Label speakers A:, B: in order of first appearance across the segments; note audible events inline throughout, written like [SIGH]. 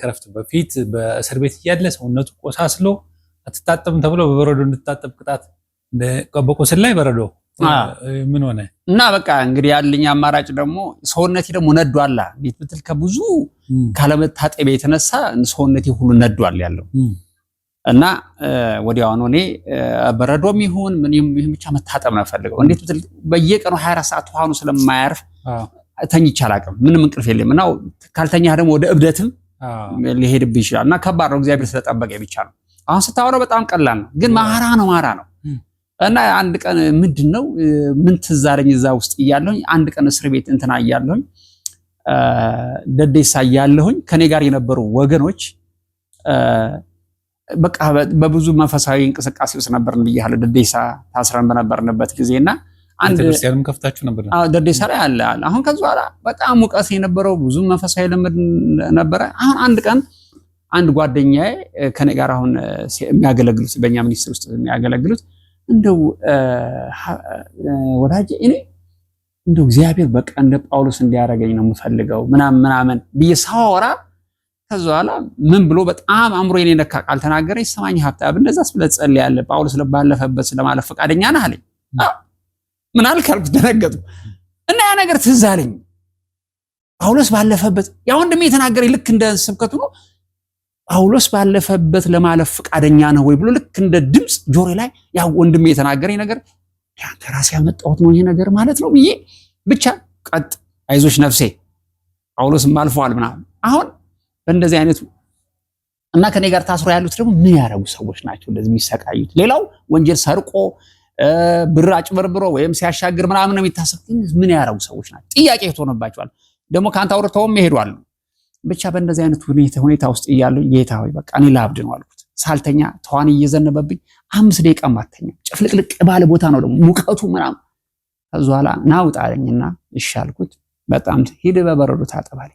A: ከረፍት በፊት በእስር ቤት እያለ ሰውነቱ ቆሳስሎ አትታጠብም ተብሎ በበረዶ እንድታጠብ ቅጣት በቁስል ላይ በረዶ ምን ሆነ
B: እና በቃ እንግዲህ ያለኝ አማራጭ ደግሞ ሰውነቴ ደግሞ ነዷላ ቤት ብትል ከብዙ ካለመታጠቢያ የተነሳ ሰውነቴ ሁሉ ነዷል ያለው እና ወዲያውኑ እኔ በረዶም ይሁን ምን ብቻ መታጠብ ነው ፈልገው። እንዴት ብትል በየቀኑ 24 ሰዓት ውሃኑ ስለማያርፍ ተኝቼ አላቅም። ምንም እንቅልፍ የለም እና ካልተኛ ደግሞ ወደ እብደትም ሊሄድብ ይችላል እና ከባድ ነው። እግዚአብሔር ስለጠበቀ ብቻ ነው። አሁን ስታወራው በጣም ቀላል ነው፣ ግን ማራ ነው ማራ ነው እና አንድ ቀን ምንድን ነው ምን ትዝ አለኝ እዛ ውስጥ እያለሁኝ አንድ ቀን እስር ቤት እንትና እያለሁኝ ደደሳ እያለሁኝ ከኔ ጋር የነበሩ ወገኖች በቃ በብዙ መንፈሳዊ እንቅስቃሴ ውስጥ ነበርን ብያለሁ። ደደሳ ታስረን በነበርንበት ጊዜና
A: ቤተክርስቲያንም ከፍታችሁ ነበር?
B: አዎ ደርዴሳ ላይ አለ አለ። አሁን ከዚ በኋላ በጣም ሙቀት የነበረው ብዙ መንፈሳዊ ልምድ ነበረ። አሁን አንድ ቀን አንድ ጓደኛዬ ከኔ ጋር አሁን የሚያገለግሉት በእኛ ሚኒስትር ውስጥ የሚያገለግሉት እንደው ወዳጅ እኔ እንደው እግዚአብሔር በቃ እንደ ጳውሎስ እንዲያደርገኝ ነው የምፈልገው ምናምን ምናምን ብዬ ሳወራ ከዛ በኋላ ምን ብሎ በጣም አእምሮ አእምሮዬን ነካ ቃል ተናገረ። ይሰማኝ ሀብታብ እንደዛ ስለ ያለ ጳውሎስ ለባለፈበት ስለማለፍ ፈቃደኛ ነህ አለኝ። ምን አልክ አልኩት፣ ደነገጥኩ እና ያ ነገር ትዝ አለኝ። ጳውሎስ ባለፈበት ያ ወንድሜ የተናገረኝ ልክ እንደ ስብከቱ ነው። ጳውሎስ ባለፈበት ለማለፍ ፈቃደኛ ነው ወይ ብሎ ልክ እንደ ድምፅ ጆሮ ላይ ያ ወንድሜ የተናገረኝ ነገር ከራሴ ያመጣሁት ነው ይሄ ነገር ማለት ነው ብዬ ብቻ ቀጥ አይዞች ነፍሴ ጳውሎስም አልፈዋል ምናምን። አሁን በእንደዚህ አይነቱ እና ከኔ ጋር ታስሮ ያሉት ደግሞ ምን ያደረጉ ሰዎች ናቸው እንደዚህ የሚሰቃዩት? ሌላው ወንጀል ሰርቆ ብር አጭበርብሮ ወይም ሲያሻግር ምናምን ነው የሚታሰብ። ምን ያረጉ ሰዎች ናቸው? ጥያቄ ሆኖባቸዋል። ደግሞ ከአንተ አውርተውም ይሄዷሉ። ብቻ በእንደዚህ አይነት ሁኔታ ውስጥ እያሉ ጌታ ሆይ በቃ እኔ ላብድ ነው አልኩት። ሳልተኛ ተዋን እየዘነበብኝ አምስት ደቂቃ ማተኛ ጭፍልቅልቅ ባለ ቦታ ነው ደግሞ ሙቀቱ ምናምን። ከዚ በኋላ ናውጣ አለኝና ይሻልኩት በጣም ሂድ በበረዶ ታጠባል።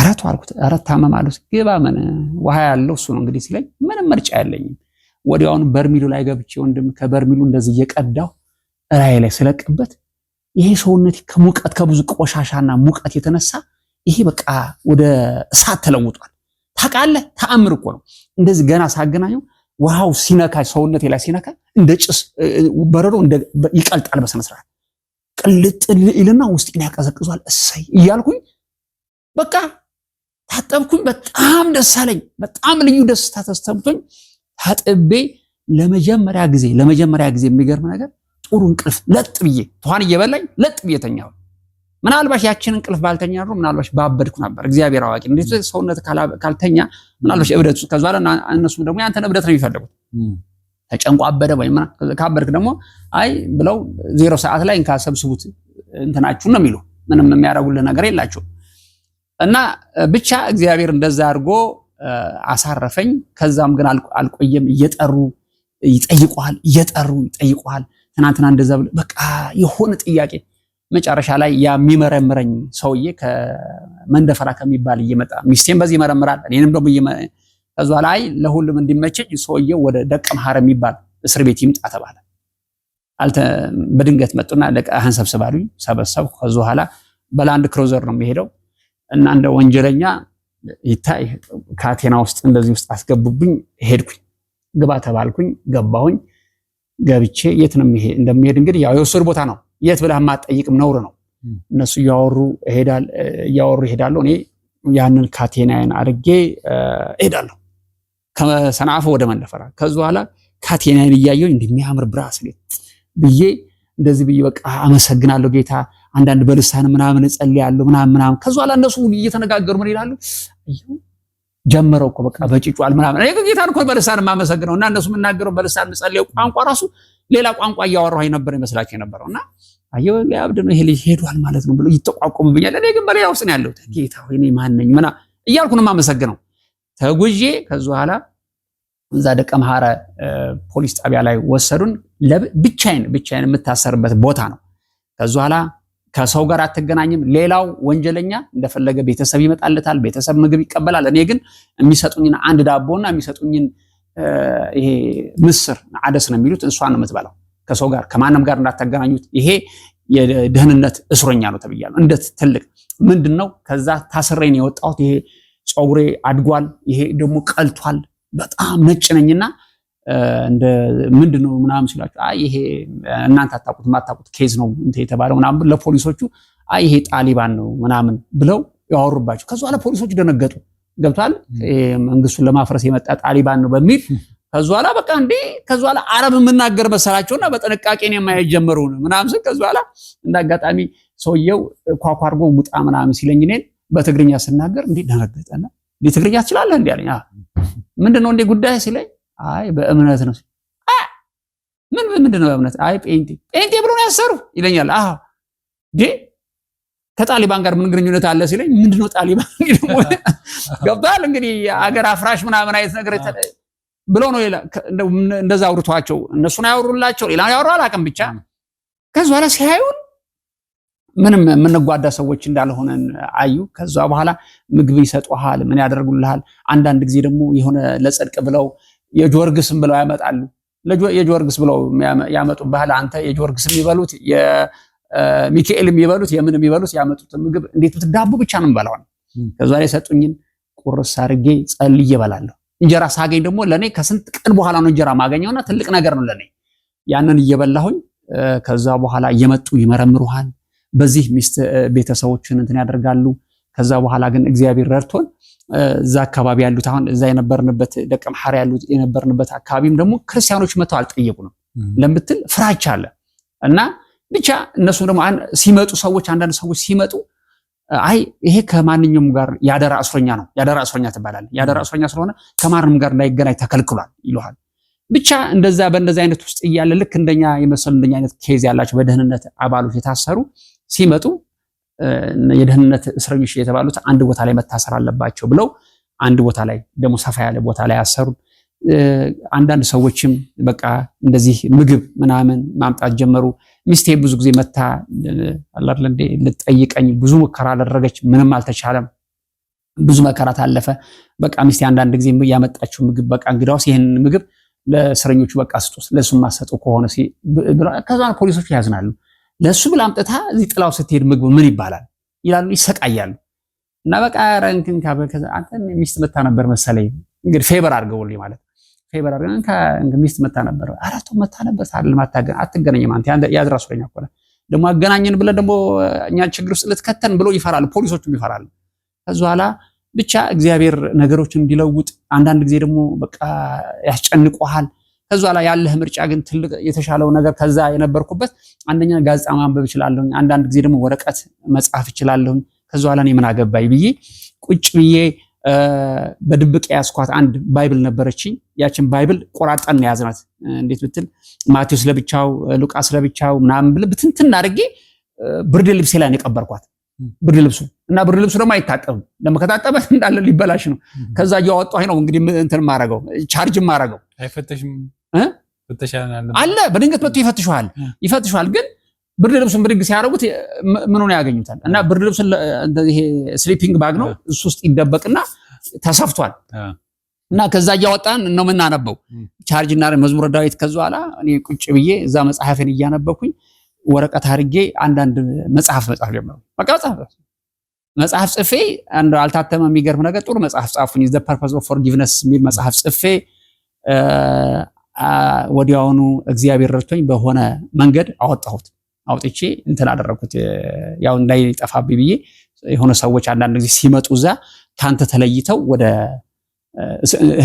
B: አረቱ አልኩት። አረት ታመም አሉት። ግባ ምን ውሃ ያለው እሱ ነው እንግዲህ ሲለኝ ምንም ምርጫ ያለኝም ወዲያውኑ በርሚሉ ላይ ገብቼ ወንድም ከበርሚሉ እንደዚህ እየቀዳው ራይ ላይ ስለቅበት ይሄ ሰውነት ከሙቀት ከብዙ ቆሻሻና ሙቀት የተነሳ ይሄ በቃ ወደ እሳት ተለውጧል። ታውቃለህ፣ ተአምር እኮ ነው። እንደዚህ ገና ሳገናኘው ውሃው ሲነካ ሰውነቴ ላይ ሲነካ እንደ ጭስ በረዶ ይቀልጣል። በስነ ስርዓት ቅልጥ ይልና ውስጤን ያቀዘቅዟል። እሰይ እያልኩኝ በቃ ታጠብኩኝ። በጣም ደስ አለኝ። በጣም ልዩ ደስታ ተስተምቶኝ። አጥቤ ለመጀመሪያ ጊዜ ለመጀመሪያ ጊዜ የሚገርም ነገር ጥሩ እንቅልፍ ለጥ ብዬ ተኋን እየበላኝ ለጥ ብዬ ተኛሁ። ምናልባሽ ያችን እንቅልፍ ባልተኛ ኖሮ ምናልባሽ ባበድኩ ነበር። እግዚአብሔር አዋቂ። እንዴት ሰውነት ካልተኛ ምናልባሽ እብደቱ ከዛ በኋላ እነሱም ደግሞ ያንተን እብደት ነው የሚፈልጉት። ተጨንቆ አበደ ወይ ካበድክ ደግሞ አይ ብለው ዜሮ ሰዓት ላይ እንካ እንትናችሁ ነው የሚሉ ምንም የሚያደርጉልህ ነገር የላቸው እና ብቻ እግዚአብሔር እንደዛ አድርጎ አሳረፈኝ። ከዛም ግን አልቆየም። እየጠሩ ይጠይቋል፣ እየጠሩ ይጠይቋል። ትናንትና እንደዛ ብሎ በቃ የሆነ ጥያቄ መጨረሻ ላይ ያ የሚመረምረኝ ሰውዬ ከመንደፈራ ከሚባል እየመጣ ሚስቴን በዚህ ይመረምራል፣ እኔንም ደግሞ ከዛ ላይ ለሁሉም እንዲመቸኝ ሰውዬው ወደ ደቀ መሐረ የሚባል እስር ቤት ይምጣ ተባለ። አልተ በድንገት መጡና ለቃህን ሰብስባሉ ሰበሰብ። ከዛ በኋላ በላንድ ክሮዘር ነው የሚሄደው እና እንደ ወንጀለኛ ይታይ ከአቴና ውስጥ እንደዚህ ውስጥ አስገቡብኝ። ሄድኩኝ ግባ ተባልኩኝ። ገባሁኝ። ገብቼ የት ነው እንደሚሄድ እንግዲህ ያው የወሰዱ ቦታ ነው። የት ብለህ ማጠይቅም ነውር ነው። እነሱ እያወሩ እያወሩ ይሄዳለሁ። እኔ ያንን ካቴናዬን አድርጌ እሄዳለሁ ከሰናፈ ወደ መለፈራ። ከዚ በኋላ ካቴናዬን እያየሁኝ እንደሚያምር ብራስሌት ብዬ እንደዚህ ብዬ በቃ አመሰግናለሁ ጌታ አንዳንድ በልሳን ምናምን እጸልያለሁ ምናምን ምናምን ከዛ ኋላ እነሱ እየተነጋገሩ ምን ይላሉ ጀመረው እኮ በቃ በጭጯል ምናምን እኔ ጌታን እኮ በልሳን የማመሰግነው እና እነሱ የምናገረው በልሳን የምጸልየው ቋንቋ ራሱ ሌላ ቋንቋ እያወራሁ ነበር ይመስላቸው የነበረው እና አየሁ ሊያብድ ነው ይሄ ልጅ ሄዷል ማለት ነው ብሎ ይጠቋቁምብኛል። እኔ ግን በሌላ ውስጥ ነው ያለሁት። ጌታ ሆይ እኔ ማን ምና እያልኩ ነው የማመሰግነው። ተጉዤ ከዚ በኋላ እዛ ደቀ መሐረ ፖሊስ ጣቢያ ላይ ወሰዱን። ብቻዬን ብቻዬን የምታሰርበት ቦታ ነው። ከዚ በኋላ ከሰው ጋር አትገናኝም። ሌላው ወንጀለኛ እንደፈለገ ቤተሰብ ይመጣለታል፣ ቤተሰብ ምግብ ይቀበላል። እኔ ግን የሚሰጡኝን አንድ ዳቦና የሚሰጡኝን ይሄ ምስር አደስ ነው የሚሉት እንሷን ነው የምትበላው። ከሰው ጋር ከማንም ጋር እንዳታገናኙት፣ ይሄ የደህንነት እስረኛ ነው ተብያለሁ። እንደት ትልቅ ምንድን ነው ከዛ ታስሬን የወጣሁት ይሄ ፀጉሬ አድጓል፣ ይሄ ደግሞ ቀልቷል፣ በጣም ነጭ ነኝና እንደ ምንድን ነው ምናምን ሲላቸው አይ ይሄ እናንተ አታውቁት ማታውቁት ኬዝ ነው እንትን የተባለው ምናምን ለፖሊሶቹ አይ ይሄ ጣሊባን ነው ምናምን ብለው ያወሩባቸው። ከዚ በኋላ ፖሊሶቹ ደነገጡ። ገብቷል መንግስቱን ለማፍረስ የመጣ ጣሊባን ነው በሚል ከዚ በኋላ በቃ እንዴ ከዚ በኋላ አረብ የምናገር መሰላቸውና በጥንቃቄ ነው የማይጀመረው ምናምን ስል ከዚ በኋላ ሰውየው ኳኳርጎ ሙጣ ምናምን ሲለኝ እኔን በትግርኛ ስናገር እንዴ ደነገጠና ትግርኛ ትችላለህ እንዲ አለኝ። ምንድን እንዴ ጉዳይ ሲለኝ አይ በእምነት ነው። ምን ምንድን ነው በእምነት? አይ ጴንጤ ጴንጤ ብሎ ነው ያሰሩ ይለኛል። አዎ ዴ ከጣሊባን ጋር ምን ግንኙነት አለ ሲለኝ፣ ምንድነው ጣሊባን? [LAUGHS] ገብቷል እንግዲህ አገር አፍራሽ ምናምን አይነት ነገር ብሎ ነው እንደዛ አውርቷቸው እነሱን ያወሩላቸው ሌላ ያወሩ አላውቅም። ብቻ ከዚ በኋላ ሲያዩን ምንም የምንጓዳ ሰዎች እንዳልሆነን አዩ። ከዛ በኋላ ምግብ ይሰጡሃል፣ ምን ያደርጉልሃል። አንዳንድ ጊዜ ደግሞ የሆነ ለጽድቅ ብለው የጆርግስም ብለው ያመጣሉ። የጆርግስ ብለው ባህል አንተ የጆርግስም የሚበሉት የሚካኤል የሚበሉት የምን የሚበሉት ያመጡት ምግብ እንዴት ዳቦ ብቻ ነው የምበላውን። ከዛ ሰጡኝን ቁርስ አድርጌ ጸልዬ እበላለሁ። እንጀራ ሳገኝ ደግሞ ለኔ ከስንት ቀን በኋላ ነው እንጀራ ማገኘውና ትልቅ ነገር ነው ለኔ። ያንን እየበላሁኝ ከዛ በኋላ እየመጡ ይመረምሩሃል። በዚህ ሚስት ቤተሰቦችን እንትን ያደርጋሉ። ከዛ በኋላ ግን እግዚአብሔር ረድቶን እዛ አካባቢ ያሉት አሁን እዛ የነበርንበት ደቀ መሐር ያሉት የነበርንበት አካባቢም ደግሞ ክርስቲያኖች መተው አልጠየቁንም ለምትል ፍራቻ አለ እና ብቻ እነሱም ደግሞ ሲመጡ ሰዎች አንዳንድ ሰዎች ሲመጡ አይ ይሄ ከማንኛውም ጋር ያደራ እስረኛ ነው፣ ያደራ እስረኛ ትባላል። ያደራ እስረኛ ስለሆነ ከማንም ጋር እንዳይገናኝ ተከልክሏል ይለሃል። ብቻ እንደዛ በእንደዚህ አይነት ውስጥ እያለ ልክ እንደኛ የመሰሉ እንደኛ አይነት ኬዝ ያላቸው በደህንነት አባሎች የታሰሩ ሲመጡ የደህንነት እስረኞች የተባሉት አንድ ቦታ ላይ መታሰር አለባቸው ብለው አንድ ቦታ ላይ ደግሞ ሰፋ ያለ ቦታ ላይ አሰሩ አንዳንድ ሰዎችም በቃ እንደዚህ ምግብ ምናምን ማምጣት ጀመሩ። ሚስቴ ብዙ ጊዜ መታ አላለ እንዴ ልጠይቀኝ ብዙ ሙከራ አደረገች፣ ምንም አልተቻለም። ብዙ መከራ ታለፈ። በቃ ሚስቴ አንዳንድ ጊዜ ያመጣችው ምግብ በቃ እንግዳውስ ይህንን ምግብ ለእስረኞቹ በቃ ስጡ፣ ለሱማ ሰጡ ከሆነ ከዛ ፖሊሶች ያዝናሉ። ለእሱ ብላ አምጥታ እዚህ ጥላው ስትሄድ ምግቡ ምን ይባላል ይላሉ፣ ይሰቃያሉ። እና በቃ ረንክን አንተ ሚስት መታ ነበር መሰለኝ እንግዲህ ፌቨር አድርገውልኝ ማለት ፌበር አድርገን ሚስት መታ ነበር አራቱ መታ ነበር ሳልማታገን አትገናኝም አንተ ለኛ ኮነ ደግሞ አገናኘን ብለን ደግሞ እኛ ችግር ውስጥ ልትከተን ብሎ ይፈራሉ፣ ፖሊሶቹም ይፈራሉ። ከዚ በኋላ ብቻ እግዚአብሔር ነገሮችን እንዲለውጥ አንዳንድ ጊዜ ደግሞ በቃ ያስጨንቆሃል። ከዛ ላይ ያለህ ምርጫ ግን ትልቅ የተሻለው ነገር ከዛ የነበርኩበት አንደኛ ጋዜጣ ማንበብ እችላለሁኝ፣ አንዳንድ ጊዜ ደግሞ ወረቀት መጻፍ እችላለሁኝ። ከዛ ኋላ እኔ ምን አገባኝ ብዬ ቁጭ ብዬ በድብቅ ያስኳት አንድ ባይብል ነበረችኝ። ያችን ባይብል ቆራርጠን ያዝናት። እንዴት ብትል ማቴዎስ ለብቻው፣ ሉቃስ ለብቻው ምናምን ብል ብትንትን አድርጌ ብርድ ልብሴ ላይ የቀበርኳት። ብርድ ልብሱ እና ብርድ ልብሱ ደግሞ አይታጠብም። ለመከታጠበ እንዳለ ሊበላሽ ነው። ከዛ እያወጣሁ ነው እንግዲህ እንትን ማረገው ቻርጅ ማረገው አይፈተሽም አለ በድንገት መጥቶ ይፈትሸዋል ይፈትሸዋል ግን ብርድ ልብሱን ብድግ ሲያደርጉት ምን ሆነ ያገኙታል። እና ብርድ ልብሱን ይሄ ስሊፒንግ ባግ ነው እሱ ውስጥ ይደበቅና ተሰፍቷል። እና ከዛ እያወጣን ነው የምናነበው። ቻርጅ እና መዝሙረ ዳዊት ከዛ በኋላ እኔ ቁጭ ብዬ እዛ መጽሐፍን እያነበኩኝ ወረቀት አድርጌ አንዳንድ መጽሐፍ መጽሐፍ ጀመሩ። በቃ መጽሐፍ መጽሐፍ ጽፌ አንድ አልታተመ የሚገርም ነገር ጥሩ መጽሐፍ ጻፉኝ። ዘ ፐርፐስ ኦፍ ፎርጊቭነስ የሚል መጽሐፍ ጽፌ ወዲያውኑ እግዚአብሔር ረድቶኝ በሆነ መንገድ አወጣሁት። አውጥቼ እንትን አደረግኩት ያው እንዳይጠፋብኝ ብዬ የሆነ ሰዎች አንዳንድ ጊዜ ሲመጡ እዛ ከአንተ ተለይተው ወደ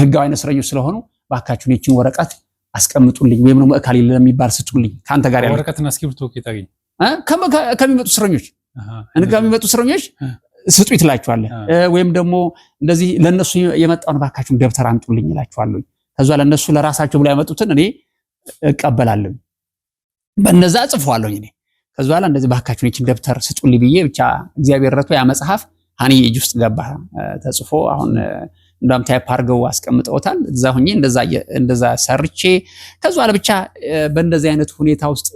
B: ህጋዊ አይነት እስረኞች ስለሆኑ ባካችሁን ይችን ወረቀት አስቀምጡልኝ ወይም ደግሞ እካል ለሚባል የሚባል ስጡልኝ ከአንተ ጋር ያለ
A: ወረቀትና እስክሪብቶ
B: ከሚመጡ እስረኞች ከሚመጡ እስረኞች ስጡ ይትላችኋለህ። ወይም ደግሞ እንደዚህ ለእነሱ የመጣውን ባካችሁን ደብተር አምጡልኝ ይላችኋለሁ። ከዛ ለነሱ ለራሳቸው ብሎ ያመጡትን እኔ እቀበላለሁ። በነዛ ጽፈዋለሁ እኔ ከዛ በኋላ እንደዚህ ባካችሁን ይችን ደብተር ስጡልኝ ብዬ ብቻ እግዚአብሔር ረቶ ያ መጽሐፍ ሀኒ እጅ ውስጥ ገባ ተጽፎ አሁን እንዳም ታይፕ አድርገው አስቀምጠውታል። እዛ ሁኜ እንደዛ ሰርቼ ከዛ በኋላ ብቻ በእንደዚህ አይነት ሁኔታ ውስጥ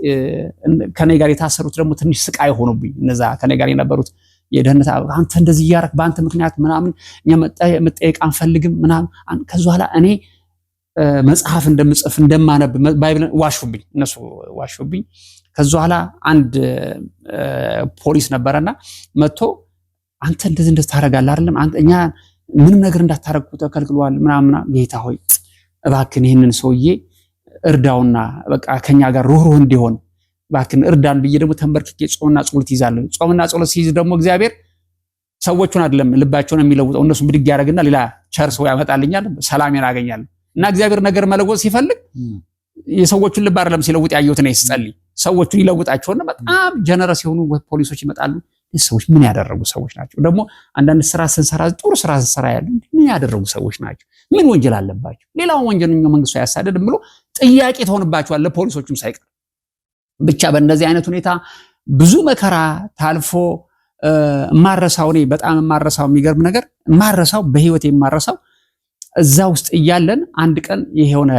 B: ከኔ ጋር የታሰሩት ደግሞ ትንሽ ስቃይ ሆኖብኝ እነዛ ከኔ ጋር የነበሩት የደህንነት አንተ እንደዚህ እያረክ በአንተ ምክንያት ምናምን እኛ መጠየቅ አንፈልግም ምናምን ከዛ በኋላ እኔ መጽሐፍ እንደምጽፍ እንደማነብ ባይብልን ዋሹብኝ፣ እነሱ ዋሹብኝ። ከዚ በኋላ አንድ ፖሊስ ነበረና መጥቶ አንተ እንደዚህ እንደዚህ ታደርጋለህ አይደለም እኛ ምንም ነገር እንዳታረግኩ ተከልክሏል ምናምና ጌታ ሆይ እባክን ይህንን ሰውዬ እርዳውና በቃ ከኛ ጋር ሩህሩህ እንዲሆን እባክን እርዳን ብዬ ደግሞ ተንበርክኬ ጾምና ጸሎት ይዛለሁ። ጾምና ጸሎት ሲይዝ ደግሞ እግዚአብሔር ሰዎቹን አይደለም ልባቸውን የሚለውጠው እነሱን ብድግ ያደርግና ሌላ ቸር ሰው ያመጣልኛል፣ ሰላሜን አገኛለሁ። እና እግዚአብሔር ነገር መለወጥ ሲፈልግ የሰዎቹን ልብ አይደለም ሲለውጥ ያየሁት ነው ስጸልይ ሰዎቹን ይለውጣቸውና በጣም ጀነረስ የሆኑ ፖሊሶች ይመጣሉ። ሰዎች ምን ያደረጉ ሰዎች ናቸው? ደግሞ አንዳንድ ስራ ስንሰራ ጥሩ ስራ ስንሰራ ያሉ ምን ያደረጉ ሰዎች ናቸው? ምን ወንጀል አለባቸው? ሌላውን ወንጀለኛ መንግስቱ አያሳደድም ብሎ ጥያቄ ትሆንባቸዋል፣ ለፖሊሶቹም ሳይቀር ብቻ። በእንደዚህ አይነት ሁኔታ ብዙ መከራ ታልፎ ማረሳው እኔ በጣም ማረሳው የሚገርም ነገር ማረሳው በህይወት የማረሳው እዛ ውስጥ እያለን አንድ ቀን የሆነ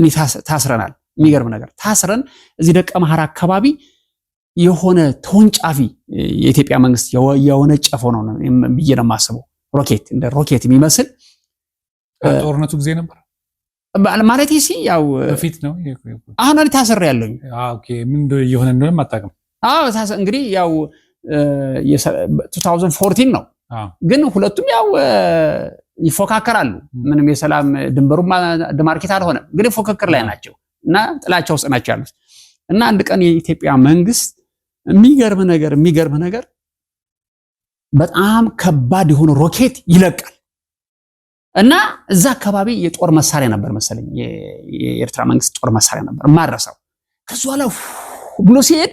B: እኔ ታስረናል። የሚገርም ነገር ታስረን እዚህ ደቀ መሐራ አካባቢ የሆነ ተወንጫፊ የኢትዮጵያ መንግስት የሆነ ጨፎ ነው ብዬ ነው የማስበው። ሮኬት እንደ ሮኬት የሚመስል
A: ጦርነቱ ጊዜ ነበር
B: ማለት ሲ ያው በፊት ነው። አሁን እኔ ታስሬ ያለኝ
A: ምን እየሆነ እንደሆነ አታውቅም።
B: እንግዲህ ያው 2014 ነው ግን ሁለቱም ያው ይፎካከራሉ። ምንም የሰላም ድንበሩ ድማርኬት አልሆነም። ግን ፉክክር ላይ ናቸው እና ጥላቻ ውስጥ ናቸው ያሉት እና አንድ ቀን የኢትዮጵያ መንግስት የሚገርም ነገር የሚገርም ነገር በጣም ከባድ የሆነ ሮኬት ይለቃል እና እዛ አካባቢ የጦር መሳሪያ ነበር መሰለኝ የኤርትራ መንግስት ጦር መሳሪያ ነበር ማረሰው ከዚ በኋላ ብሎ ሲሄድ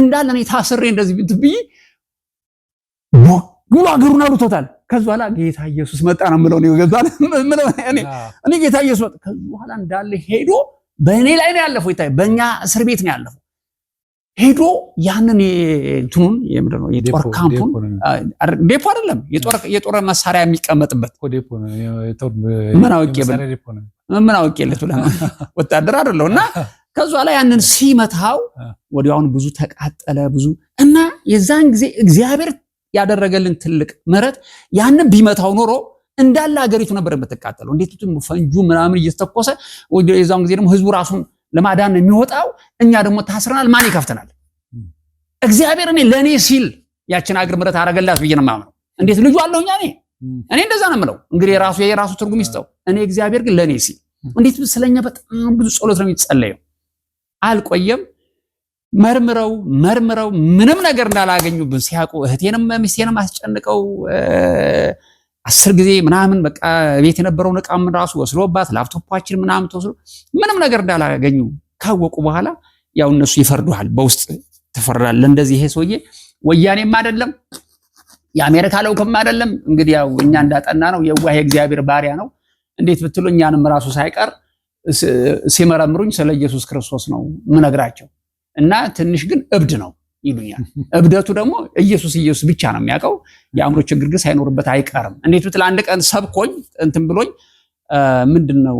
B: እንዳለ እኔ ታስሬ እንደዚህ ብትብይ ሙሉ ሀገሩን አሉቶታል። ከዚ በኋላ ጌታ ኢየሱስ መጣ ነው ምለው እኔ ጌታ ኢየሱስ መጣ። ከዚ በኋላ እንዳለ ሄዶ በእኔ ላይ ነው ያለፈው፣ ይታይ በእኛ እስር ቤት ነው ያለፈው። ሄዶ ያንን እንትኑን ነው የጦር ካምፑን ዴፖ አይደለም የጦር መሳሪያ የሚቀመጥበት ምን አውቄ ምን አውቄለት [LAUGHS] ወታደር አይደለው እና ከዛ ላይ ያንን ሲመታው ወዲያውን ብዙ ተቃጠለ ብዙ እና የዛን ጊዜ እግዚአብሔር ያደረገልን ትልቅ ምሕረት ያንን ቢመታው ኖሮ እንዳለ ሀገሪቱ ነበር የምትቃጠለው። እንዴት ፈንጁ ምናምን እየተተኮሰ የዛን ጊዜ ደግሞ ህዝቡ ራሱን ለማዳን የሚወጣው፣ እኛ ደግሞ ታስረናል። ማን ይከፍተናል? እግዚአብሔር እኔ ለእኔ ሲል ያችን አገር ምሕረት አረገላት ብዬ ነው የማምነው። እንዴት ልጁ እኛ እኔ እኔ እንደዛ ነው የምለው። እንግዲህ የራሱ የራሱ ትርጉም ይስጠው። እኔ እግዚአብሔር ግን ለእኔ ሲል እንዴት ስለኛ በጣም ብዙ ጸሎት ነው የሚጸለየው። አልቆየም መርምረው መርምረው ምንም ነገር እንዳላገኙብን ሲያውቁ እህቴንም ሚስቴንም አስጨንቀው አስር ጊዜ ምናምን በቃ ቤት የነበረውን እቃም ራሱ ወስዶባት ላፕቶፓችን ምናምን ተወስዶ ምንም ነገር እንዳላገኙ ካወቁ በኋላ ያው እነሱ ይፈርዱሃል። በውስጥ ትፈርዳል። እንደዚህ ይሄ ሰውዬ ወያኔም አይደለም የአሜሪካ ለውክም አይደለም። እንግዲህ ያው እኛ እንዳጠና ነው የዋህ የእግዚአብሔር ባሪያ ነው። እንዴት ብትሉ እኛንም ራሱ ሳይቀር ሲመረምሩኝ ስለ ኢየሱስ ክርስቶስ ነው ምነግራቸው። እና ትንሽ ግን እብድ ነው ይሉኛል። እብደቱ ደግሞ ኢየሱስ ኢየሱስ ብቻ ነው የሚያውቀው። የአእምሮ ችግር ግን ሳይኖርበት አይቀርም። እንዴት ብትል አንድ ቀን ሰብኮኝ እንትን ብሎኝ ምንድን ነው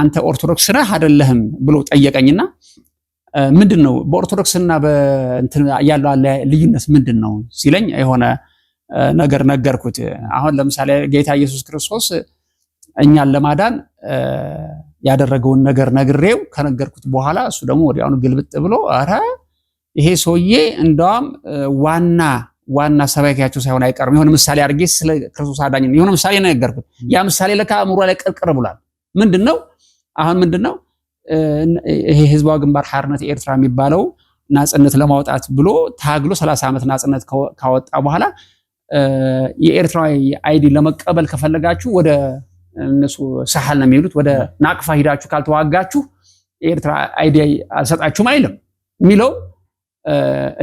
B: አንተ ኦርቶዶክስ ነህ አይደለህም ብሎ ጠየቀኝና ምንድን ነው በኦርቶዶክስና ያለው ልዩነት ምንድን ነው ሲለኝ የሆነ ነገር ነገርኩት። አሁን ለምሳሌ ጌታ ኢየሱስ ክርስቶስ እኛን ለማዳን ያደረገውን ነገር ነግሬው ከነገርኩት በኋላ እሱ ደግሞ ወዲያውኑ ግልብጥ ብሎ አረ ይሄ ሰውዬ እንደውም ዋና ዋና ሰባኪያቸው ሳይሆን አይቀርም። የሆነ ምሳሌ አድርጌ ስለ ክርስቶስ አዳኝ የሆነ ምሳሌ ነው ነገርኩት። ያ ምሳሌ ለካ አእምሮ ላይ ቅርቅር ብሏል። ምንድን ነው አሁን ምንድን ነው ይሄ ህዝባዊ ግንባር ሓርነት ኤርትራ የሚባለው ናጽነት ለማውጣት ብሎ ታግሎ 30 ዓመት ናጽነት ካወጣ በኋላ የኤርትራ አይዲ ለመቀበል ከፈለጋችሁ ወደ እነሱ ሳሐል ነው የሚሉት ወደ ናቅፋ ሂዳችሁ ካልተዋጋችሁ የኤርትራ አይዲያ አልሰጣችሁም አይልም የሚለው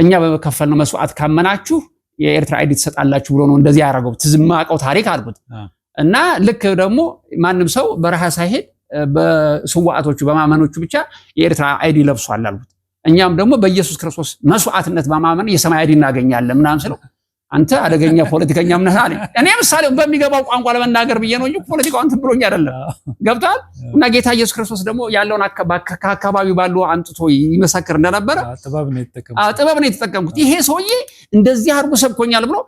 B: እኛ በመከፈልነው መስዋዕት ካመናችሁ የኤርትራ አይዲ ትሰጣላችሁ ብሎ ነው እንደዚህ ያደረገው። ትዝማቀው ታሪክ አልኩት እና ልክ ደግሞ ማንም ሰው በረሃ ሳይሄድ በስዋዕቶቹ በማመኖቹ ብቻ የኤርትራ አይዲ ለብሷል አልኩት። እኛም ደግሞ በኢየሱስ ክርስቶስ መስዋዕትነት በማመን የሰማይ አይዲ እናገኛለን ምናምን ስለው አንተ አደገኛ ፖለቲከኛ ምነህ አለኝ። እኔ ምሳሌ በሚገባው ቋንቋ ለመናገር ብዬ ነው እንጂ ፖለቲካው እንትን ብሎኝ አይደለም። ገብተሃል። እና ጌታ ኢየሱስ ክርስቶስ ደግሞ ያለውን ከአካባቢ ባሉ አንጥቶ ይመሰክር እንደነበረ ጥበብ ነው የተጠቀምኩት። ይሄ ሰውዬ እንደዚህ አድርጎ ሰብኮኛል ብሎ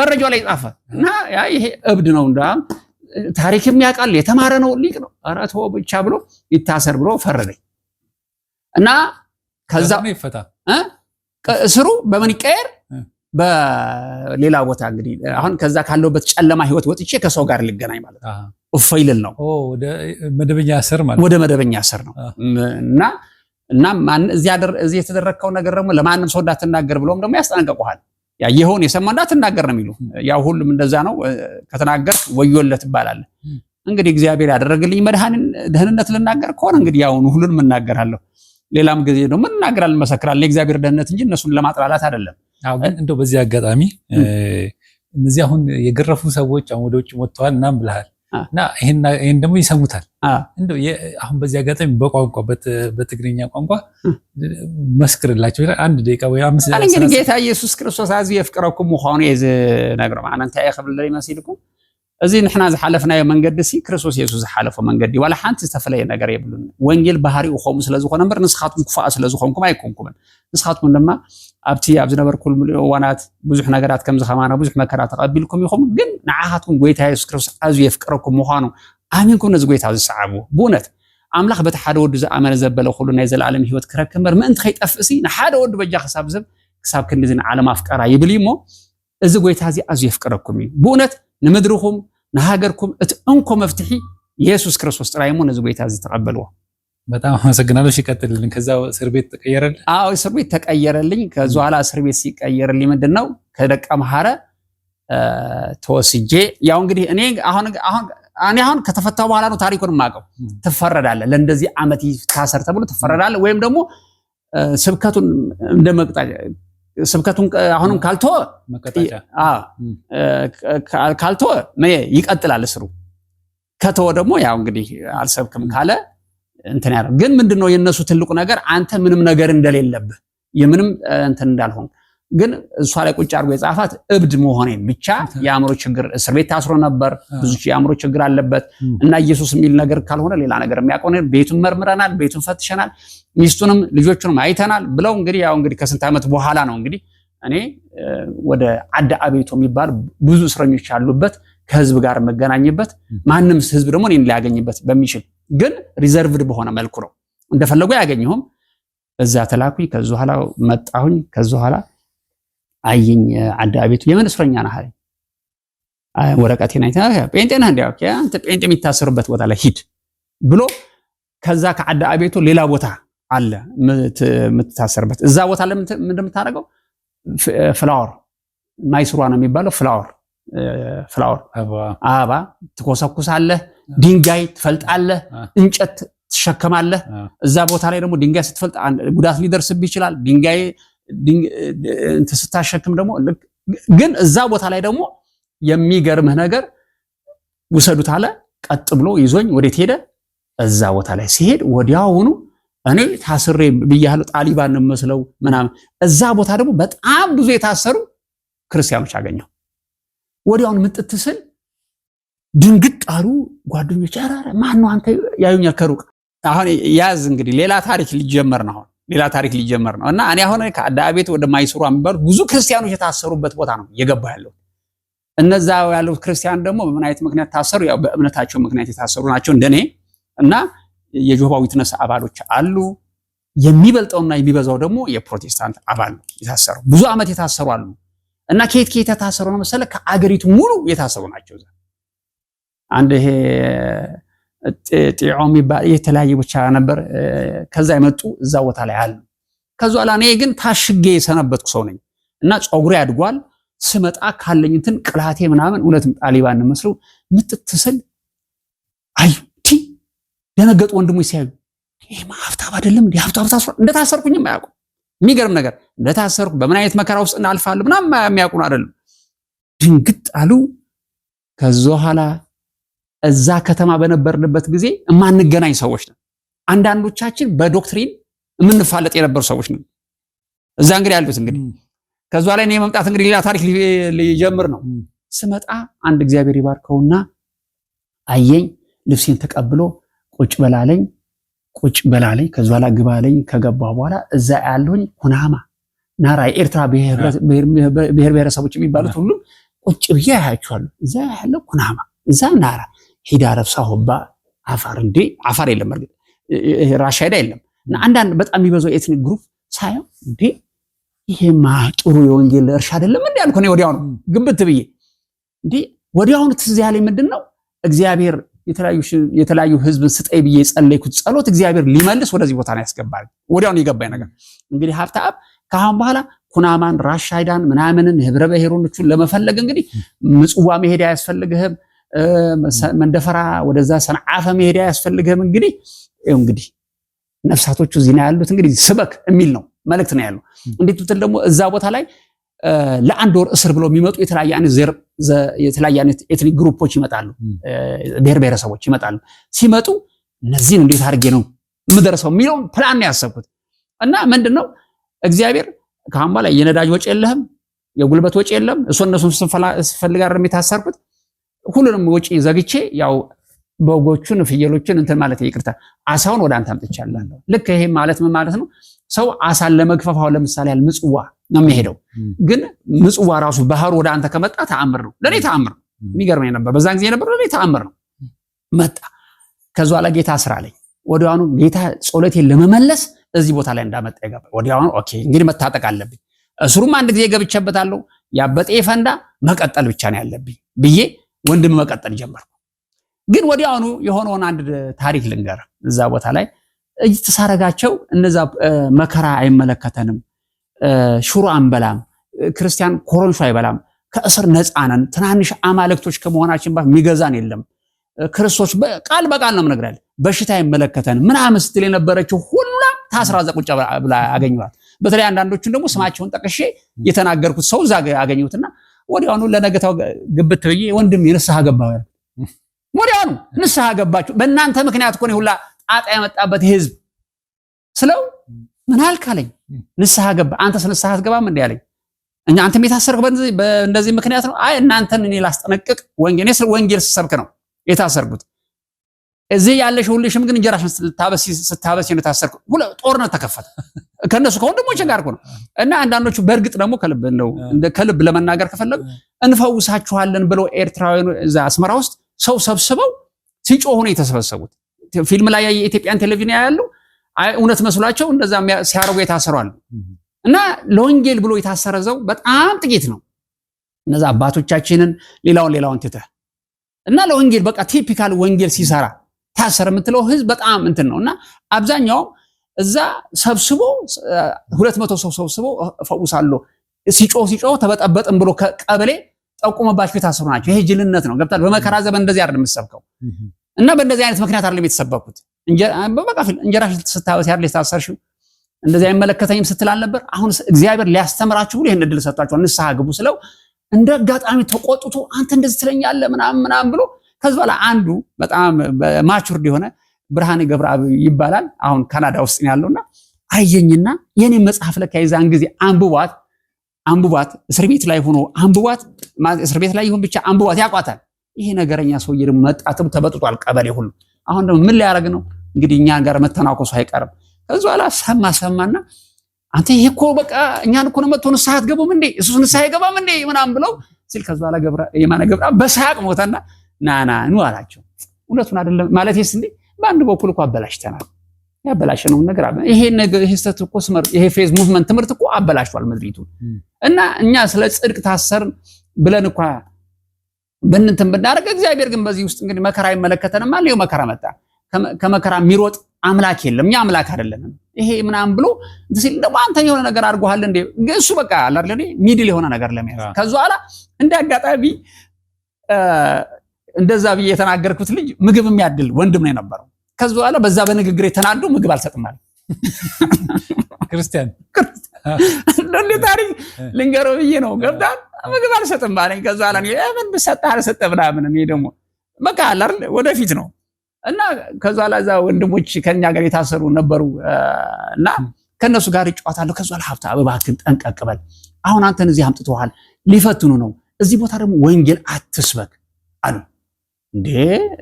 B: መረጃው ላይ ጻፈ እና ይሄ እብድ ነው እንዳ ታሪክም ያውቃል የተማረ ነው ሊቅ ነው ኧረ ብቻ ብሎ ይታሰር ብሎ ፈረደኝ እና ከዛ እስሩ በምን ይቀየር በሌላ ቦታ እንግዲህ አሁን ከዛ ካለውበት ጨለማ ህይወት ወጥቼ ከሰው ጋር ልገናኝ ማለት እፎይ ልል ነው።
A: መደበኛ ስር
B: ማለት ወደ መደበኛ ስር ነው እና እና እዚህ የተደረግከው ነገር ደግሞ ለማንም ሰው እንዳትናገር ብሎም ደግሞ ያስጠነቀቁሃል። ያየኸውን የሰማው እንዳትናገር ነው የሚሉ። ያው ሁሉም እንደዛ ነው። ከተናገር ወዮለት ይባላል። እንግዲህ እግዚአብሔር ያደረግልኝ መድኃኒን ደህንነት ልናገር ከሆነ እንግዲህ ያው ሁሉን እናገራለሁ። ሌላም ጊዜ ደግሞ እናገራል፣ እንመሰክራለን። የእግዚአብሔር ደህንነት እንጂ እነሱን ለማጥላላት አይደለም።
A: ግን እንደው በዚህ አጋጣሚ እነዚህ አሁን የገረፉ ሰዎች አሁን ወደ ውጭ ወጥተዋል እናም ብልሃል እና ይህን ደግሞ ይሰሙታል። እንደው አሁን በዚህ አጋጣሚ በቋንቋ በትግርኛ ቋንቋ መስክርላቸው አንድ ደቂቃ ወይ
B: አምስት እንግዲህ ጌታ ኢየሱስ ክርስቶስ ኣዝዩ የፍቅረኩም ምዃኑ እየ ዝነግሮም ኣነ እንታይ ይመስልኩም እዚ ንሕና ዝሓለፍናዮ መንገዲ ሲ ክርስቶስ ኢየሱስ ዝሓለፎ መንገዲ ዋላ ሓንቲ ዝተፈለየ ነገር የብሉን ወንጌል ባህሪኡ ከምኡ ስለዝኮነ እምበር ንስኻትኩም ክፉኣ ስለዝኮንኩም ኣይኮንኩምን ንስኻትኩም ድማ ኣብቲ ኣብ ዝነበርኩል እዋናት ብዙሕ ነገራት ከም ዝኸማና ብዙሕ መከራ ተቐቢልኩም ኢኹም ግን ንዓኻትኩም ጎይታ የሱስ ክርስቶስ ኣዝዩ የፍቅረኩም ምዃኑ ኣሚንኩም ነዚ ጎይታ ዝሰዓብዎ ብእውነት ኣምላኽ በቲ ሓደ ወዲ ዝኣመነ ዘበለ ኩሉ ናይ ዘለኣለም ሂወት ክረክብ እምበር ምእንቲ ከይጠፍእሲ ንሓደ ወዲ በጃ ክሳብ ዝብ ክሳብ ክንዲዚ ንዓለም ኣፍቀራ ይብል እዩ እሞ እዚ ጎይታ እዚ ኣዝዩ የፍቅረኩም እዩ ብእውነት ንምድርኹም ንሃገርኩም እቲ እንኮ መፍትሒ የሱስ ክርስቶስ ጥራይ እሞ ነዚ ጎይታ እዚ ተቐበልዎ
A: በጣም አመሰግናለሁ። ይቀጥልልን። ከዛ እስር ቤት ተቀየረልኝ።
B: አዎ እስር ቤት ተቀየረልኝ። ከዚ በኋላ እስር ቤት ሲቀየርልኝ ምንድን ነው ከደቀ መሐረ ተወስጄ ያው እንግዲህ እኔ አሁን እኔ አሁን ከተፈታው በኋላ ነው ታሪኩን የማውቀው። ትፈረዳለህ፣ ለእንደዚህ ዓመት ታሰር ተብሎ ትፈረዳለህ፣ ወይም ደግሞ ስብከቱን እንደ መቅጣጫ ስብከቱን አሁንም ካልቶ ካልቶ ይቀጥላል እስሩ። ከተወ ደግሞ ያው እንግዲህ አልሰብክም ካለ እንትን ያለው ግን ምንድነው የነሱ ትልቁ ነገር አንተ ምንም ነገር እንደሌለብህ የምንም እንትን እንዳልሆን ግን እሷ ላይ ቁጭ አድርጎ የጻፋት እብድ መሆኔን ብቻ የአእምሮ ችግር እስር ቤት ታስሮ ነበር። ብዙ የአእምሮ ችግር አለበት እና ኢየሱስ የሚል ነገር ካልሆነ ሌላ ነገር የሚያቆነ ቤቱን መርምረናል፣ ቤቱን ፈትሸናል፣ ሚስቱንም ልጆቹንም አይተናል ብለው እንግዲህ ያው እንግዲህ ከስንት ዓመት በኋላ ነው እንግዲህ እኔ ወደ አዳ አቤቶ የሚባል ብዙ እስረኞች ያሉበት ከህዝብ ጋር የምገናኝበት ማንም ህዝብ ደግሞ እኔን ሊያገኝበት በሚችል ግን ሪዘርቭድ በሆነ መልኩ ነው። እንደፈለጉ አያገኘሁም። እዛ ተላኩኝ። ከዚ ኋላ መጣሁኝ። ከዚ ኋላ አየኝ አዳ ቤቱ የምን እስረኛ ነህ አለኝ። ወረቀቴን አይታ ጴንጤ ነህ እንዲ አንተ ጴንጤ የሚታሰሩበት ቦታ ላይ ሂድ ብሎ ከዛ ከአዳ ቤቱ ሌላ ቦታ አለ የምትታሰርበት። እዛ ቦታ ላይ እንደምታደርገው ፍላወር ማይስሯ ነው የሚባለው ፍላወር ፍላወር አበባ ትኮሰኩሳለህ ድንጋይ ትፈልጣለህ፣ እንጨት ትሸከማለህ። እዛ ቦታ ላይ ደግሞ ድንጋይ ስትፈልጥ ጉዳት ሊደርስብህ ይችላል። ድንጋይ ስታሸክም ደግሞ ግን እዛ ቦታ ላይ ደግሞ የሚገርምህ ነገር ውሰዱት አለ። ቀጥ ብሎ ይዞኝ ወዴት ሄደ? እዛ ቦታ ላይ ሲሄድ ወዲያውኑ እኔ ታስሬ ብያለሁ፣ ጣሊባን መስለው ምናምን። እዛ ቦታ ደግሞ በጣም ብዙ የታሰሩ ክርስቲያኖች አገኘው። ወዲያውኑ ምጥት ስል ድንግጥ አሉ ጓደኞች። ኧረ ማን ነው አንተ? ያዩኛል ከሩቅ። አሁን ያዝ እንግዲህ ሌላ ታሪክ ሊጀመር ነው። አሁን ሌላ ታሪክ ሊጀመር ነው እና እኔ አሁን ከአዳ ቤት ወደ ማይሱሩ የሚባሉት ብዙ ክርስቲያኖች የታሰሩበት ቦታ ነው እየገባ ያለው። እነዛ ያሉት ክርስቲያን ደግሞ በምን አይነት ምክንያት ታሰሩ? ያው በእምነታቸው ምክንያት የታሰሩ ናቸው እንደኔ እና የጆባ ዊትነስ አባሎች አሉ። የሚበልጠውና የሚበዛው ደግሞ የፕሮቴስታንት አባል ነው የታሰሩ ብዙ ዓመት የታሰሩ አሉ እና ከየት ከየት የታሰሩ ነው መሰለ? ከአገሪቱ ሙሉ የታሰሩ ናቸው። አንድ ይሄ ጢዖ የሚባል የተለያየ ብቻ ነበር። ከዛ የመጡ እዛ ቦታ ላይ አሉ። ከዛ ኋላ እኔ ግን ታሽጌ የሰነበትኩ ሰው ነኝ እና ፀጉሬ አድጓል። ስመጣ ካለኝ እንትን ቅላቴ ምናምን እውነትም ጣሊባን መስለው ምትትስል ስል አዩ ቲ ደነገጡ። ወንድሙ ሲያዩ ይህ ሀብታም አይደለም እንዲ ሀብታ ሀብታ እንደታሰርኩኝም አያውቁም። የሚገርም ነገር እንደታሰርኩ በምን አይነት መከራ ውስጥ እናልፋለን ምናምን የሚያውቁን አይደለም። ድንግጥ አሉ ከዛ ኋላ እዛ ከተማ በነበርንበት ጊዜ የማንገናኝ ሰዎች ነን። አንዳንዶቻችን በዶክትሪን የምንፋለጥ የነበሩ ሰዎች ነን። እዛ እንግዲህ ያሉት እንግዲህ ከዛ ላይ እኔ መምጣት እንግዲህ ሌላ ታሪክ ሊጀምር ነው። ስመጣ አንድ እግዚአብሔር ይባርከውና አየኝ፣ ልብሴን ተቀብሎ ቁጭ በላለኝ ቁጭ በላለኝ። ከዚ ላ ግባለኝ። ከገባ በኋላ እዛ ያለሁኝ ኩናማ ናራ የኤርትራ ብሔር ብሔረሰቦች የሚባሉት ሁሉም ቁጭ ብዬ ያያቸዋለሁ። እዛ ያለው ኩናማ፣ እዛ ናራ ሂዳ ረብሳ ሆባ አፋር እንዴ አፋር የለም እርግጥ ራሻ ሄዳ የለም እና አንዳንድ በጣም የሚበዛው ኤትኒክ ግሩፕ ሳየው እንዴ ይሄማ ጥሩ የወንጌል እርሻ አይደለም እንዴ ያልኩ ነው ወዲያውኑ ግብት ብዬ እንዴ ወዲያውኑ ትዝ ያለኝ ምንድን ነው እግዚአብሔር የተለያዩ ህዝብን ስጠይ ብዬ የጸለይኩት ጸሎት እግዚአብሔር ሊመልስ ወደዚህ ቦታ ነው ያስገባል። ወዲያውኑ የገባኝ ነገር እንግዲህ አብ ከአሁን በኋላ ኩናማን ራሻይዳን ምናምንን ህብረ ብሔሮቹን ለመፈለግ እንግዲህ ምጽዋ መሄድ አያስፈልግህም። መንደፈራ ወደዛ ሰንዓፈ መሄድ አያስፈልግህም። እንግዲህ እንግዲህ ነፍሳቶቹ እዚህ ነው ያሉት፣ እንግዲህ ስበክ የሚል ነው መልእክት ነው ያለው። እንዴት ብትል ደግሞ እዛ ቦታ ላይ ለአንድ ወር እስር ብለው የሚመጡ የተለያየ አይነት ዘር የተለያየ አይነት ኤትኒክ ግሩፖች ይመጣሉ፣ ብሔር ብሔረሰቦች ይመጣሉ። ሲመጡ እነዚህን እንዴት አድርጌ ነው የምደርሰው የሚለውን ፕላን ነው ያሰብኩት። እና ምንድን ነው እግዚአብሔር ከአምባ ላይ የነዳጅ ወጪ የለህም፣ የጉልበት ወጪ የለም። እሱ እነሱን ስፈልግ አይደለም የታሰርኩት ሁሉንም ወጪ ዘግቼ ያው በጎቹን ፍየሎችን እንትን ማለት ይቅርታ አሳውን ወደ አንተ አምጥቻለሁ። ልክ ይሄ ማለት ምን ማለት ነው? ሰው አሳን ለመግፈፍ አሁን ለምሳሌ ያህል ምጽዋ ነው የሚሄደው፣ ግን ምጽዋ ራሱ ባህሩ ወደ አንተ ከመጣ ተአምር ነው። ለእኔ ተአምር ነው። የሚገርመኝ ነበር በዛን ጊዜ ነበር፣ ለእኔ ተአምር ነው። መጣ ከዛ ኋላ ጌታ ስራ ላይ ወዲያውኑ ጌታ ጸሎቴን ለመመለስ እዚህ ቦታ ላይ እንዳመጣ ይገባል። ወዲያውኑ ኦኬ እንግዲህ መታጠቅ አለብኝ። እስሩም አንድ ጊዜ ገብቼበታለሁ። ያበጤ ፈንዳ መቀጠል ብቻ ነው ያለብኝ ብዬ ወንድም መቀጠል ጀመርኩ። ግን ወዲያውኑ የሆነውን አንድ ታሪክ ልንገር። እዛ ቦታ ላይ እጅ ተሳረጋቸው እነዛ መከራ አይመለከተንም፣ ሽሮ አንበላም፣ ክርስቲያን ኮረንሾ አይበላም፣ ከእስር ነፃ ነን፣ ትናንሽ አማልክቶች ከመሆናችን ባ የሚገዛን የለም፣ ክርስቶች ቃል በቃል ነው ምነግራል፣ በሽታ አይመለከተን ምናምን ስትል የነበረችው ሁላ ታስራ እዛ ቁጭ ብላ አገኘኋት። በተለይ አንዳንዶቹን ደግሞ ስማቸውን ጠቅሼ የተናገርኩት ሰው እዛ አገኘሁትና ወዲያውኑ ለነገታው ግብት ብዬ ወንድም ንስሐ ገባሁ ያልኩት ወዲያውኑ ንስሐ ገባችሁ። በእናንተ ምክንያት ኮን ሁላ ጣጣ ያመጣበት ህዝብ ስለው ምን አልክ አለኝ። ንስሐ ገባ። አንተስ ንስሐ አትገባም እንዲ አለኝ። እኛ አንተም የታሰርክ በእንደዚህ ምክንያት ነው። አይ እናንተን እኔ ላስጠነቅቅ ወንጌል ወንጌል ስሰብክ ነው የታሰርኩት። እዚህ ያለሽ ሁልሽም ግን እንጀራሽን ስታበሲ ነው የታሰርኩት። ጦርነት ተከፈተ። ከነሱ ከወንድሞች ጋር ነው እና አንዳንዶቹ በእርግጥ ደግሞ ከልብ እንደ ከልብ ለመናገር ከፈለጉ እንፈውሳችኋለን ብለው ኤርትራውያኑ እዛ አስመራ ውስጥ ሰው ሰብስበው ሲጮሁ ነው የተሰበሰቡት። ፊልም ላይ የኢትዮጵያን ቴሌቪዥን ያያሉ። እውነት መስሏቸው እንደዛ ሲያደርጉ የታሰሯሉ። እና ለወንጌል ብሎ የታሰረ ሰው በጣም ጥቂት ነው። እነዛ አባቶቻችንን ሌላውን ሌላውን ትተህ እና ለወንጌል በቃ ቲፒካል ወንጌል ሲሰራ ታሰር የምትለው ህዝብ በጣም እንትን ነው እና አብዛኛውም እዛ ሰብስቦ ሁለት መቶ ሰው ሰብስቦ እፈውሳለሁ ሲጮ ሲጮ ተበጠበጥም ብሎ ከቀበሌ ጠቁመባቸው የታሰሩ ናቸው። ይሄ ጅልነት ነው። ገብታል። በመከራ ዘመን እንደዚህ አይደለም የምትሰብከው እና በእንደዚህ አይነት ምክንያት አይደለም የተሰበኩት። በመቃፊል እንጀራ ስታበስ ያለ የታሰርሽው እንደዚህ አይመለከተኝም ስትል አልነበር? አሁን እግዚአብሔር ሊያስተምራችሁ ብሎ ይህን እድል ሰጥቷቸዋል። ንስሐ ግቡ ስለው እንደ አጋጣሚ ተቆጥቶ አንተ እንደዚህ ትለኛለህ ምናምን ምናምን ብሎ ከዚህ በኋላ አንዱ በጣም ማቹርድ የሆነ ብርሃኔ ገብረአብ ይባላል። አሁን ካናዳ ውስጥ ነው ያለውና አየኝና የኔ መጽሐፍ ለካ የዛን ጊዜ አንብቧት አንብቧት እስር ቤት ላይ ሆኖ አንብቧት እስር ቤት ላይ ይሁን ብቻ አንብቧት ያቋታል። ይሄ ነገረኛ ሰውዬ ደግሞ መጣትም ተበጥጧል ቀበሌ ሁሉ። አሁን ደግሞ ምን ሊያደርግ ነው እንግዲህ እኛ ጋር መተናኮሱ አይቀርም። ከዚ በኋላ ሰማ ሰማና አንተ ይሄ እኮ በቃ እኛን እኮ ነው መጥቶ ንስሐ አትገቡም እንዴ እሱስ ንስሐ አይገባም እንዴ ምናምን ብለው ሲል ከዚ በኋላ የማነ ገብረ በሳቅ ሞተና ናና ኑ አላቸው። እውነቱን አይደለም ማለት ይስ እንዴ በአንድ በኩል እኮ አበላሽተናል። ያበላሸነው ነገር አለ። ይሄ ነገር ይሄ ስህተት እኮ ስመር ይሄ ፌዝ ሙቭመንት ትምህርት እኮ አበላሽቷል ምድሪቱን እና እኛ ስለ ጽድቅ ታሰርን ብለን እኳ ብንትን ብናደርግ፣ እግዚአብሔር ግን በዚህ ውስጥ እንግዲህ መከራ ይመለከተንም አለ። ይኸው መከራ መጣ። ከመከራ የሚሮጥ አምላክ የለም። እኛ አምላክ አይደለንም። ይሄ ምናምን ብሎ ሲል ደግሞ አንተ የሆነ ነገር አድርጎሃል እንደ እሱ በቃ አለ ሚድል የሆነ ነገር ለመያዝ ከዛ በኋላ እንደ አጋጣሚ እንደዛ ብዬ የተናገርኩት ልጅ ምግብ የሚያድል ወንድም ነው የነበረው። ከዚ በኋላ በዛ በንግግር የተናዱ ምግብ አልሰጥም አለ። ክርስቲያን እንደ ታሪክ ልንገረው ብዬ ነው ገብታል። ምግብ አልሰጥም አለኝ። ከዚ በኋላ ምን ሰጠ አልሰጠ ምናምን እኔ ደግሞ በቃ ወደፊት ነው እና ከዛ በኋላ እዛ ወንድሞች ከኛ ጋር የታሰሩ ነበሩ እና ከእነሱ ጋር እጫወታለሁ። ከዚ በኋላ ሀብታ እባክህን ጠንቀቅ በል፣ አሁን አንተን እዚህ አምጥተዋል፣ ሊፈትኑ ነው። እዚህ ቦታ ደግሞ ወንጌል አትስበክ አሉ። እንዴ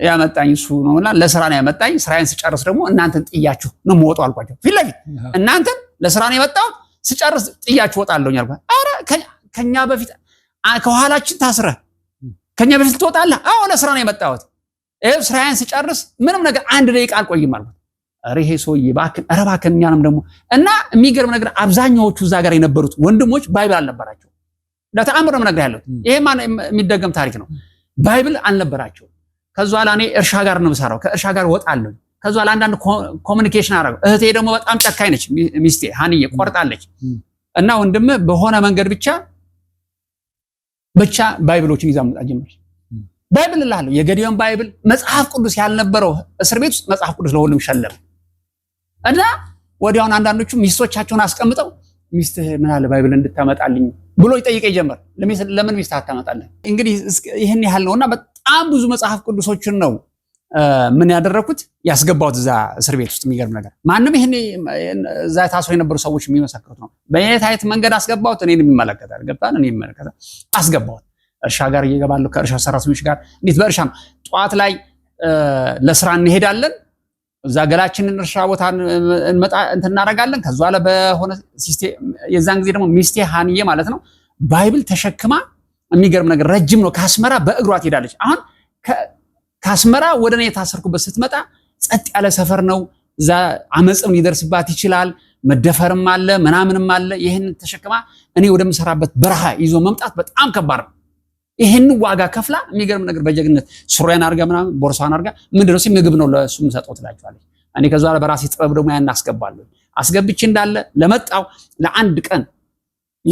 B: ያመጣኝ እሱ ነውና ለስራ ነው ያመጣኝ። ስራዬን ስጨርስ ደግሞ እናንተን ጥያችሁ ነው የምወጣው አልኳቸው። ፊት ለፊት እናንተን ለስራ ነው የመጣሁት፣ ስጨርስ ጥያችሁ ወጣለሁኝ አልኳ። ኧረ ከኛ በፊት ከኋላችን ታስረህ ከኛ በፊት ትወጣለህ? አዎ ለስራ ነው የመጣሁት፣ ይኸው ስራዬን ስጨርስ ምንም ነገር አንድ ደቂቃ አልቆይም አልኳት። ኧረ ይሄ ሰውዬ እባክህን፣ ኧረ እባክህን እኛንም ደግሞ እና የሚገርም ነገር አብዛኛዎቹ እዛ ጋር የነበሩት ወንድሞች ባይብል አልነበራቸው። ለተአምር ነው የምነግርህ ያለሁት። ይሄ የሚደገም ታሪክ ነው። ባይብል አልነበራቸው ከዛ ኋላ እኔ እርሻ ጋር ነው የምሰራው። ከእርሻ ጋር ወጣለሁ። ከዛ ኋላ አንዳንድ ኮሚኒኬሽን አደረገው። እህቴ ደግሞ በጣም ጨካኝ ነች፣ ሚስቴ ሀንዬ ቆርጣለች። እና ወንድም በሆነ መንገድ ብቻ ብቻ ባይብሎችን ይዛ መምጣት ጀመረች። ባይብል እላለሁ፣ የገዲዮን ባይብል መጽሐፍ ቅዱስ ያልነበረው እስር ቤት ውስጥ መጽሐፍ ቅዱስ ለሁሉም ሸለም እና ወዲያውን አንዳንዶቹ ሚስቶቻቸውን አስቀምጠው ሚስትህ ምን አለ ባይብል እንድታመጣልኝ ብሎ ይጠይቀኝ ጀመር። ለምን ሚስትህ አታመጣልህ? እንግዲህ ይህን ያህል ነውና በጣም ብዙ መጽሐፍ ቅዱሶችን ነው ምን ያደረኩት ያስገባሁት እዛ እስር ቤት ውስጥ። የሚገርም ነገር ማንም ይህን እዛ ታስሮ የነበሩ ሰዎች የሚመሰክሩት ነው። በየት በየታየት መንገድ አስገባሁት። እኔን የሚመለከታል ገብታን እኔ የሚመለከታል አስገባሁት። እርሻ ጋር እየገባለሁ ከእርሻ ሰራተኞች ጋር እንዴት በእርሻ ነው ጠዋት ላይ ለስራ እንሄዳለን። እዛ ገላችንን እርሻ ቦታ እንመጣ እንትን እናደርጋለን። ከዛ በኋላ በሆነ ሲስቴም የዛን ጊዜ ደግሞ ሚስቴ ሀንዬ ማለት ነው ባይብል ተሸክማ የሚገርም ነገር ረጅም ነው። ከአስመራ በእግሯ ትሄዳለች። አሁን ከአስመራ ወደ እኔ የታሰርኩበት ስትመጣ ጸጥ ያለ ሰፈር ነው። እዛ አመፅም ሊደርስባት ይችላል። መደፈርም አለ ምናምንም አለ። ይህን ተሸክማ እኔ ወደምሰራበት በረሃ ይዞ መምጣት በጣም ከባድ ነው። ይህን ዋጋ ከፍላ የሚገርም ነገር በጀግነት ሱሪያን አድርጋ ምናምን ቦርሳን አድርጋ ምንድነው ሲ ምግብ ነው ለሱ ምሰጠው ትላቸዋለች። እኔ ከዛ በራሴ ጥበብ ደግሞ ያን አስገባለሁ። አስገብቼ እንዳለ ለመጣው ለአንድ ቀን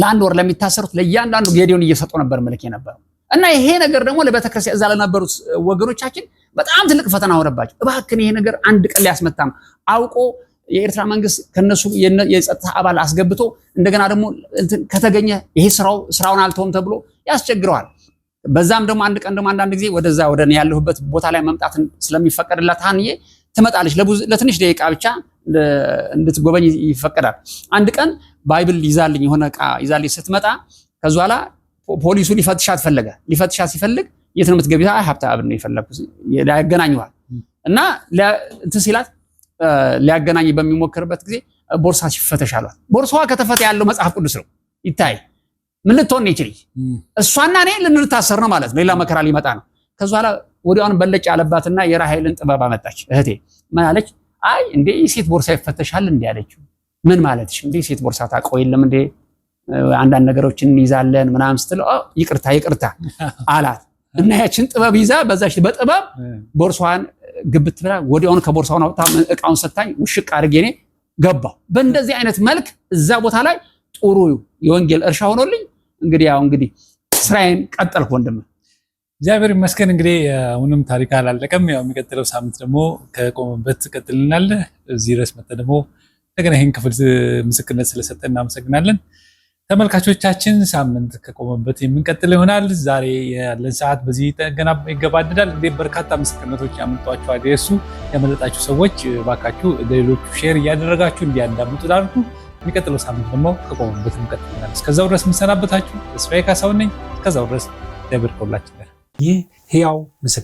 B: ለአንድ ወር ለሚታሰሩት ለእያንዳንዱ ጌዲዮን እየሰጡ ነበር መልክ የነበረው እና ይሄ ነገር ደግሞ ለቤተክርስቲያን እዛ ለነበሩት ወገኖቻችን በጣም ትልቅ ፈተና ሆነባቸው። እባክን ይሄ ነገር አንድ ቀን ሊያስመታም አውቆ የኤርትራ መንግስት ከነሱ የጸጥታ አባል አስገብቶ እንደገና ደግሞ ከተገኘ ይሄ ስራው ስራውን አልተውም ተብሎ ያስቸግረዋል። በዛም ደግሞ አንድ ቀን ደግሞ አንዳንድ ጊዜ ወደዛ ወደ ያለሁበት ቦታ ላይ መምጣትን ስለሚፈቀድላት ሀንዬ ትመጣለች። ለትንሽ ደቂቃ ብቻ እንድትጎበኝ ይፈቀዳል። አንድ ቀን ባይብል ይዛልኝ የሆነ ዕቃ ይዛልኝ ስትመጣ ከዚ በኋላ ፖሊሱ ሊፈትሻት ፈለገ። ሊፈትሻት ሲፈልግ የት ነው የምትገቢው? አይ ሀብተአብን ነው የፈለግኩት። ያገናኘዋል እና እንትን ሲላት ሊያገናኝ በሚሞክርበት ጊዜ ቦርሳ ሲፈተሽ አሏት። ቦርሳዋ ከተፈታ ያለው መጽሐፍ ቅዱስ ነው ይታይ ምን ልትሆን ይችል እሷና እኔ ልንታሰር ነው ማለት ነው። ሌላ መከራ ሊመጣ ነው። ከዚ በኋላ ወዲያውኑ በለጭ ያለባትና የራሔልን ጥበብ አመጣች። እህቴ ምን አለች? አይ እንዴ ይህ ሴት ቦርሳ ይፈተሻል እንዲ ያለችው ምን ማለትሽ? እንዴ? ሴት ቦርሳ ታውቀው የለም እንደ አንዳንድ ነገሮችን እንይዛለን ምናምን ስትለው ይቅርታ ይቅርታ አላት እና ያችን ጥበብ ይዛ በዛ በጥበብ ቦርሷን ግብት ብላ ወዲያውኑ ከቦርሳውን አውጥታ እቃውን ሰታኝ ውሽቅ አድርጌ እኔ ገባው። በእንደዚህ አይነት መልክ እዛ ቦታ ላይ ጥሩ የወንጌል እርሻ ሆኖልኝ እንግዲህ ያው እንግዲህ ስራዬን ቀጠልኩ። ወንድም እግዚአብሔር ይመስገን። እንግዲህ አሁንም ታሪክ አላለቀም። ያው የሚቀጥለው ሳምንት ደግሞ ከቆመበት ቀጥልናለ። እዚህ ድረስ መጥተህ ደግሞ እንደገና ይህን ክፍል ምስክርነት ስለሰጠ እናመሰግናለን። ተመልካቾቻችን ሳምንት ከቆመበት የምንቀጥል ይሆናል። ዛሬ ያለን ሰዓት በዚህ ገና ይገባደዳል። እንግዲህ በርካታ ምስክርነቶች ያመልጧቸዋል። አደሱ ያመለጣችሁ ሰዎች ባካችሁ ለሌሎቹ ሼር እያደረጋችሁ እንዲያዳምጡ ላድርጉ። የሚቀጥለው ሳምንት ደግሞ ከቆመበት እንቀጥል እስከዛው ድረስ የምሰናበታችሁ ተስፋዬ ካሳሁን ነኝ። እስከዛው ድረስ ደብር ከሁላችን ጋር ይህ ህያው ምስክር